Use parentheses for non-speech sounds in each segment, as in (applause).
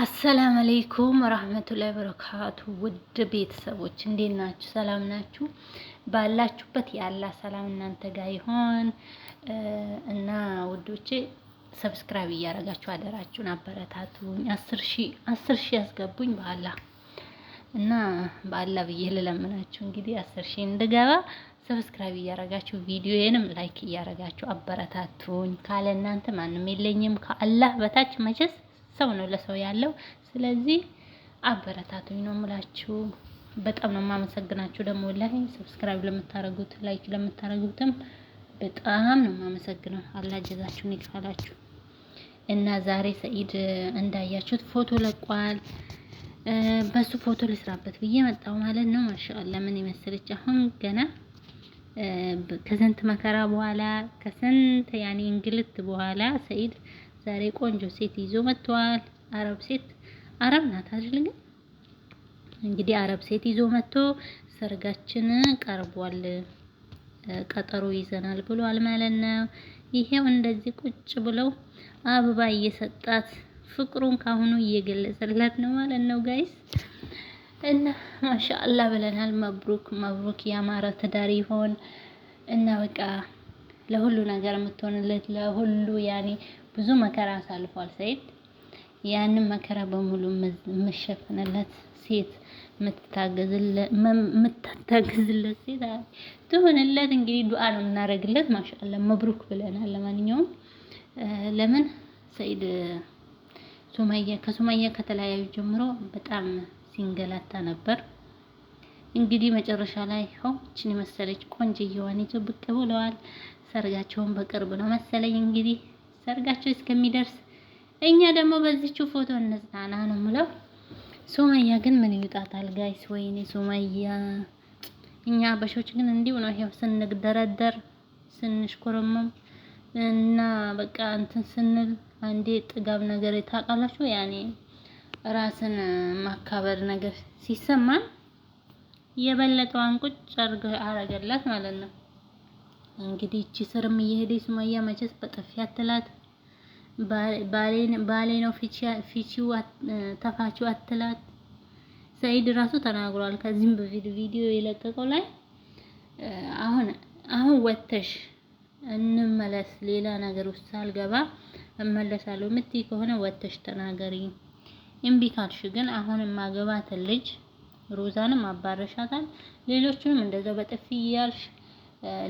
አሰላም አለይኩም ወራህመቱላሂ ወበረካቱ ውድ ቤተሰቦች እንዴት ናችሁ? ሰላም ናችሁ? ባላችሁበት ያላ ሰላም እናንተ ጋር ይሆን እና ውዶቼ ሰብስክራይብ እያደረጋችሁ አደራችሁን አበረታቱኝ። አስር ሺህ አስር ሺህ ያስገቡኝ በአላ እና በአላ ብዬ ልለምናችሁ እንግዲህ አስር ሺህ እንድገባ ሰብስክራይብ እያደረጋችሁ ቪዲዮዬንም ላይክ እያደረጋችሁ አበረታቱኝ። ካለ እናንተ ማንም የለኝም ከአላህ በታች መቼስ ሰው ነው ለሰው ያለው። ስለዚህ አበረታቱኝ ነው የምላችሁ። በጣም ነው የማመሰግናችሁ። ደግሞ ላይ ሰብስክራይብ ለምታረጉት ላይክ ለምታረጉትም በጣም ነው የማመሰግነው። አላህ ጀዛችሁን ይክፈላችሁ። እና ዛሬ ሰኢድ እንዳያችሁት ፎቶ ለቋል። በሱ ፎቶ ልስራበት ብዬ መጣሁ ማለት ነው። ማሻአላ ምን ይመስልች አሁን ገና ከስንት መከራ በኋላ ከስንት ያኔ እንግልት በኋላ ሰኢድ ዛሬ ቆንጆ ሴት ይዞ መጥቷል። አረብ ሴት አረብ ናት አይደል? ግን እንግዲህ አረብ ሴት ይዞ መጥቶ ሰርጋችን ቀርቧል፣ ቀጠሮ ይዘናል ብሏል ማለት ነው። ይሄው እንደዚህ ቁጭ ብለው አበባ እየሰጣት ፍቅሩን ካሁኑ እየገለጸላት ነው ማለት ነው ጋይስ እና ማሻአላ ብለናል። መብሩክ መብሩክ፣ ያማረ ትዳር ይሆን እና በቃ ለሁሉ ነገር የምትሆንለት ለሁሉ ያኔ ብዙ መከራ አሳልፏል ሰይድ። ያንን መከራ በሙሉ የምሸፍንለት ሴት የምታታግዝለት ሴት ትሆንለት። እንግዲህ ዱዓ ነው የምናደርግለት። ማሻአላ መብሩክ ብለናል። ለማንኛውም ለምን ሰይድ ሱማያ ከሱማያ ከተለያዩ ጀምሮ በጣም ሲንገላታ ነበር። እንግዲህ መጨረሻ ላይ ሆችን የመሰለች ቆንጆ እየሆነ ብቅ ብለዋል። ሰርጋቸውን በቅርብ ነው መሰለኝ እንግዲህ ሰርጋቸው እስከሚደርስ እኛ ደግሞ በዚችው ፎቶ እንጽናና ነው ምለው። ሱመያ ግን ምን ይውጣታል ጋይስ? ወይኔ ሱመያ። እኛ አበሾች ግን እንዲሁ ነው፣ ይሄው ስንደረደር ስንሽኮረመም እና በቃ እንትን ስንል አንዴ ጥጋብ ነገር ታውቃላችሁ፣ ያኔ ራስን ማካበር ነገር ሲሰማን የበለጠዋን ቁጭ አረገላት ማለት ነው። እንግዲህ እቺ ስርም እየሄደች ሱመያ መቼስ በጥፊ አትላት፣ ባሌ ነው ፊቺው ተፋቺው አትላት። ሰይድ ራሱ ተናግሯል። ከዚህም በፊት ቪዲዮ የለቀቀው ላይ አሁን አሁን ወተሽ እንመለስ፣ ሌላ ነገር ውስጥ ሳልገባ እመለሳለሁ የምትይ ከሆነ ወተሽ ተናገሪ። እምቢ ካልሽ ግን አሁን ማገባትን ልጅ ሮዛንም አባረሻታል፣ ሌሎችንም እንደዛው በጥፊ እያልሽ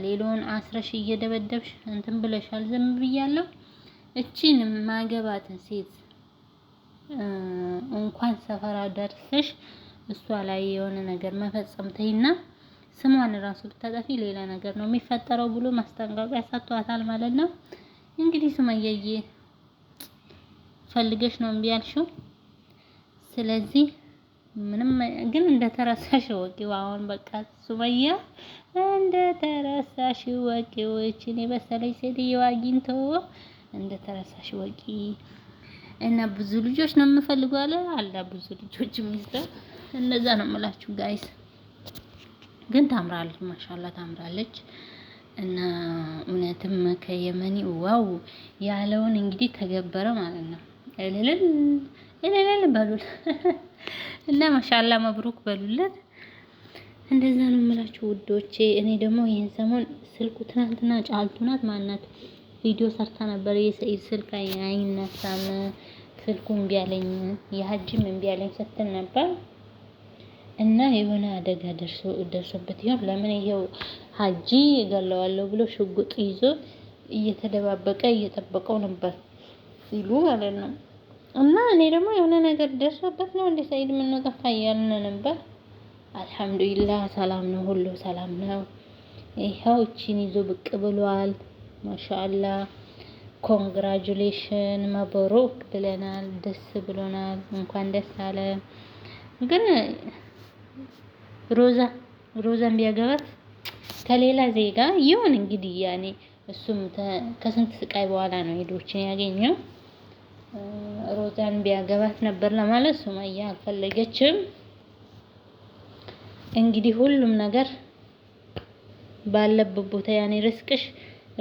ሌሎን አስረሽ እየደበደብሽ እንትን ብለሻል። ዝም ብያለሁ። እቺን ማገባትን ሴት እንኳን ሰፈራ ደርሰሽ እሷ ላይ የሆነ ነገር መፈጸም ተይና ስሟን ራሱ ብታጠፊ ሌላ ነገር ነው የሚፈጠረው ብሎ ማስጠንቀቂያ ሰጥቷታል ማለት ነው። እንግዲህ ሱመያዬ ፈልገሽ ነው እምቢ ያልሽው። ስለዚህ ምንም ግን እንደ ተረሳሽ ወቂው አሁን በቃ ሱመያ እንደ ተረሳሽ ወቂው እቺን የበሰለች ሴትዮ አግኝቶ እንደ ተረሳሽ ወቂ እና ብዙ ልጆች ነው የምፈልጉ አለ አላ ብዙ ልጆች ሚስተ እነዛ ነው የምላችሁ ጋይስ። ግን ታምራለች፣ ማሻላ ታምራለች። እና እውነትም ከየመኒ ዋው ያለውን እንግዲህ ተገበረ ማለት ነው እልል እልልል በሉል (laughs) እና ማሻላ መብሩክ በሉለት። እንደዛ ነው የምላችሁ ውዶቼ። እኔ ደግሞ ይህን ሰሞን ስልኩ ትናንትና ጫልቱናት ናት ማናት ቪዲዮ ሰርታ ነበር። የሰይድ ስልክ አይነሳም ስልኩ እምቢ አለኝ የሀጂም እምቢ አለኝ ስትል ነበር እና የሆነ አደጋ ደርሶ ደርሶበት ይሆን ለምን ይሄው ሀጂ እገለዋለሁ ብሎ ሽጉጥ ይዞ እየተደባበቀ እየጠበቀው ነበር ሲሉ ማለት ነው። እና እኔ ደግሞ የሆነ ነገር ደርሶበት ነው እንደ ሰይድ ምን ነው ጠፋ እያልን ነበር። አልሐምዱሊላህ ሰላም ነው፣ ሁሉ ሰላም ነው። ይኸው እቺን ይዞ ብቅ ብሏል። ማሻአላ ኮንግራጁሌሽን መብሩክ ብለናል። ደስ ብሎናል። እንኳን ደስ አለ። ግን ሮዛ ሮዛን ቢያገባት ከሌላ ዜጋ ይሁን እንግዲህ ያኔ እሱም ከስንት ስቃይ በኋላ ነው ሄዶችን ያገኘው። ሮዛን ቢያገባት ነበር ለማለት ሱመያ አልፈለገችም። እንግዲህ ሁሉም ነገር ባለበት ቦታ ያኔ ርስቅሽ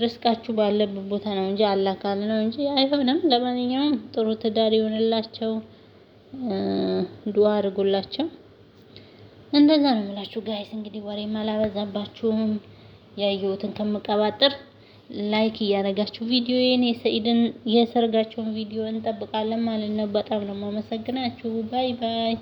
ርስቃችሁ ባለበት ቦታ ነው እንጂ አላህ ነው እንጂ አይሆንም። ለማንኛውም ጥሩ ትዳር ይሆንላቸው፣ ዱአ አድርጉላቸው። እንደዛ ነው የምላችሁ ጋይስ። እንግዲህ ወሬም አላበዛባችሁም። ያየሁትን ከምቀባጥር ላይክ እያደረጋችሁ ቪዲዮዬን የሰኢድን የሰርጋቸውን ቪዲዮ እንጠብቃለን ማለት ነው። በጣም ነው የማመሰግናችሁ። ባይ ባይ።